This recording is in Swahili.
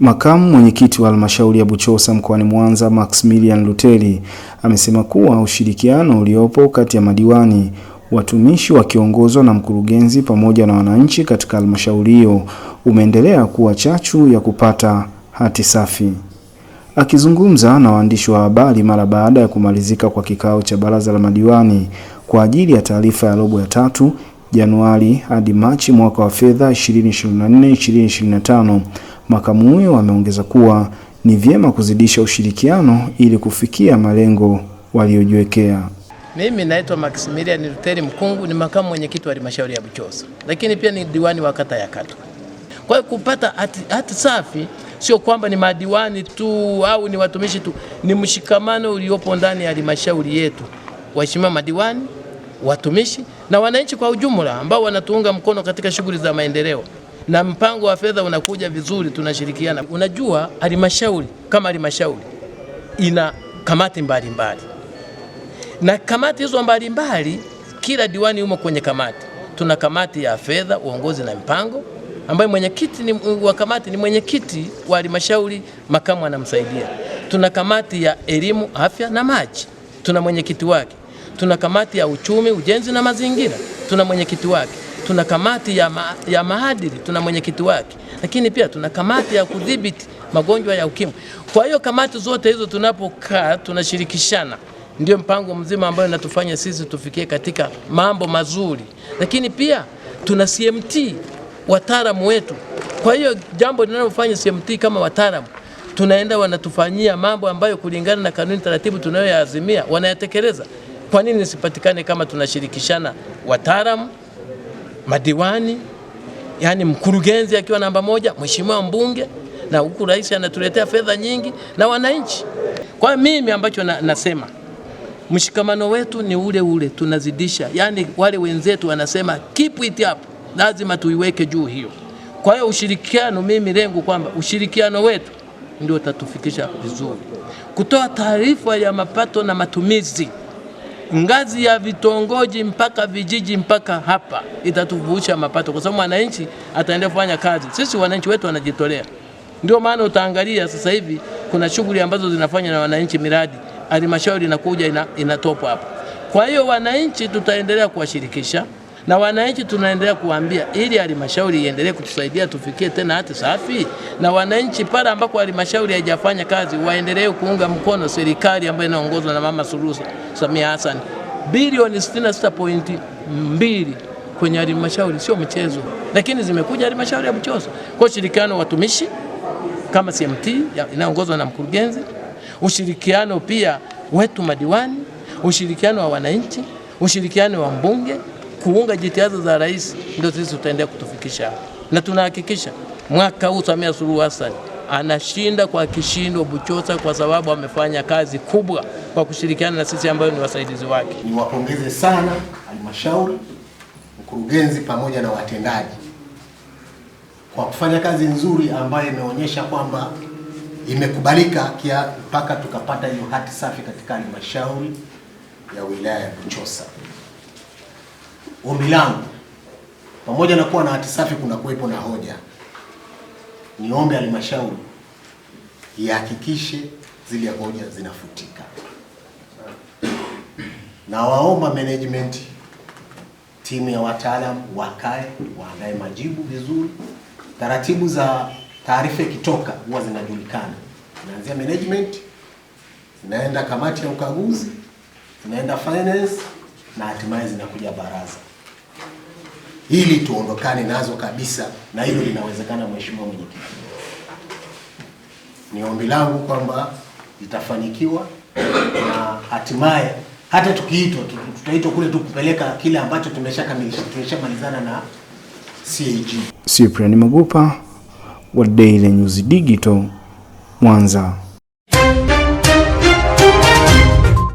Makamu mwenyekiti wa halmashauri ya Buchosa mkoani Mwanza, Maximilian Luteli, amesema kuwa ushirikiano uliopo kati ya madiwani, watumishi wakiongozwa na mkurugenzi, pamoja na wananchi katika halmashauri hiyo umeendelea kuwa chachu ya kupata hati safi. Akizungumza na waandishi wa habari mara baada ya kumalizika kwa kikao cha baraza la madiwani kwa ajili ya taarifa ya robo ya tatu Januari hadi Machi mwaka wa fedha 2024 2025 Makamu huyo ameongeza kuwa ni vyema kuzidisha ushirikiano ili kufikia malengo waliojiwekea. Mimi naitwa Maximilian Luteri Mkungu, ni makamu mwenyekiti wa halmashauri ya Buchosa, lakini pia ni diwani wa kata ya Katwa. Kwa hiyo kupata hati, hati safi sio kwamba ni madiwani tu au ni watumishi tu, ni mshikamano uliopo ndani ya halmashauri yetu, waheshimiwa madiwani, watumishi na wananchi kwa ujumla ambao wanatuunga mkono katika shughuli za maendeleo na mpango wa fedha unakuja vizuri, tunashirikiana. Unajua, halmashauri kama halmashauri ina kamati mbalimbali mbali. Na kamati hizo mbalimbali, kila diwani yumo kwenye kamati. Tuna kamati ya fedha, uongozi na mpango ambayo mwenyekiti wa kamati ni mwenyekiti wa halmashauri, makamu anamsaidia. Tuna kamati ya elimu, afya na maji, tuna mwenyekiti wake. Tuna kamati ya uchumi, ujenzi na mazingira, tuna mwenyekiti wake tuna kamati ya, ma, ya maadili, tuna mwenyekiti wake, lakini pia tuna kamati ya kudhibiti magonjwa ya UKIMWI. Kwa hiyo kamati zote hizo tunapokaa tunashirikishana, ndio mpango mzima ambayo inatufanya sisi tufikie katika mambo mazuri, lakini pia tuna CMT wataalamu wetu. Kwa hiyo jambo linalofanya CMT kama wataalamu tunaenda wanatufanyia mambo ambayo kulingana na kanuni taratibu tunayoyaazimia wanayatekeleza. Kwa nini sipatikane kama tunashirikishana wataalamu? madiwani, yani mkurugenzi akiwa namba moja, mheshimiwa mbunge, na huku rais anatuletea fedha nyingi na wananchi. Kwa mimi ambacho na, nasema mshikamano wetu ni ule ule, tunazidisha yani, wale wenzetu wanasema keep it up, lazima tuiweke juu hiyo. Kwa hiyo ushirikiano, mimi lengo kwamba ushirikiano wetu ndio utatufikisha vizuri, kutoa taarifa ya mapato na matumizi ngazi ya vitongoji mpaka vijiji mpaka hapa itatuvusha mapato, kwa sababu mwananchi ataendelea kufanya kazi. Sisi wananchi wetu wanajitolea, ndio maana utaangalia sasa hivi kuna shughuli ambazo zinafanywa na wananchi, miradi halmashauri inakuja inatopwa hapa. Kwa hiyo wananchi tutaendelea kuwashirikisha na wananchi tunaendelea kuambia ili halmashauri iendelee kutusaidia tufikie tena hati safi, na wananchi pale ambako halmashauri haijafanya kazi waendelee kuunga mkono serikali ambayo inaongozwa na Mama Suluhu Samia Hassan. Bilioni 66.2 kwenye halmashauri sio mchezo, lakini zimekuja halmashauri ya Buchosa kwa ushirikiano wa watumishi kama CMT inaongozwa na mkurugenzi, ushirikiano pia wetu madiwani, ushirikiano wa wananchi, ushirikiano wa mbunge kuunga jitihada za rais, ndio sisi tutaendelea kutufikisha, na tunahakikisha mwaka huu Samia Suluhu Hassan anashinda kwa kishindo Buchosa kwa sababu amefanya kazi kubwa kwa kushirikiana na sisi ambayo ni wasaidizi wake. Niwapongeze sana halmashauri, mkurugenzi pamoja na watendaji kwa kufanya kazi nzuri ambayo imeonyesha kwamba imekubalika mpaka tukapata hiyo hati safi katika halmashauri ya wilaya ya Buchosa. Ombi langu pamoja na kuwa na hati safi kuna kuwepo na hoja, niombe halmashauri ihakikishe zile hoja zinafutika. Na waomba management, timu ya wataalamu wakae waandae majibu vizuri. Taratibu za taarifa ikitoka huwa zinajulikana, inaanzia management, zinaenda kamati ya ukaguzi, zinaenda finance na hatimaye zinakuja baraza ili tuondokane nazo kabisa, na hilo linawezekana, Mheshimiwa Mwenyekiti. Ni ombi langu kwamba itafanikiwa na hatimaye hata tukiitwa tutaitwa kule tu kupeleka kile ambacho tumeshakamilisha tumeshamalizana na CAG. Cyprian Magupa wa Daily News Digital Mwanza.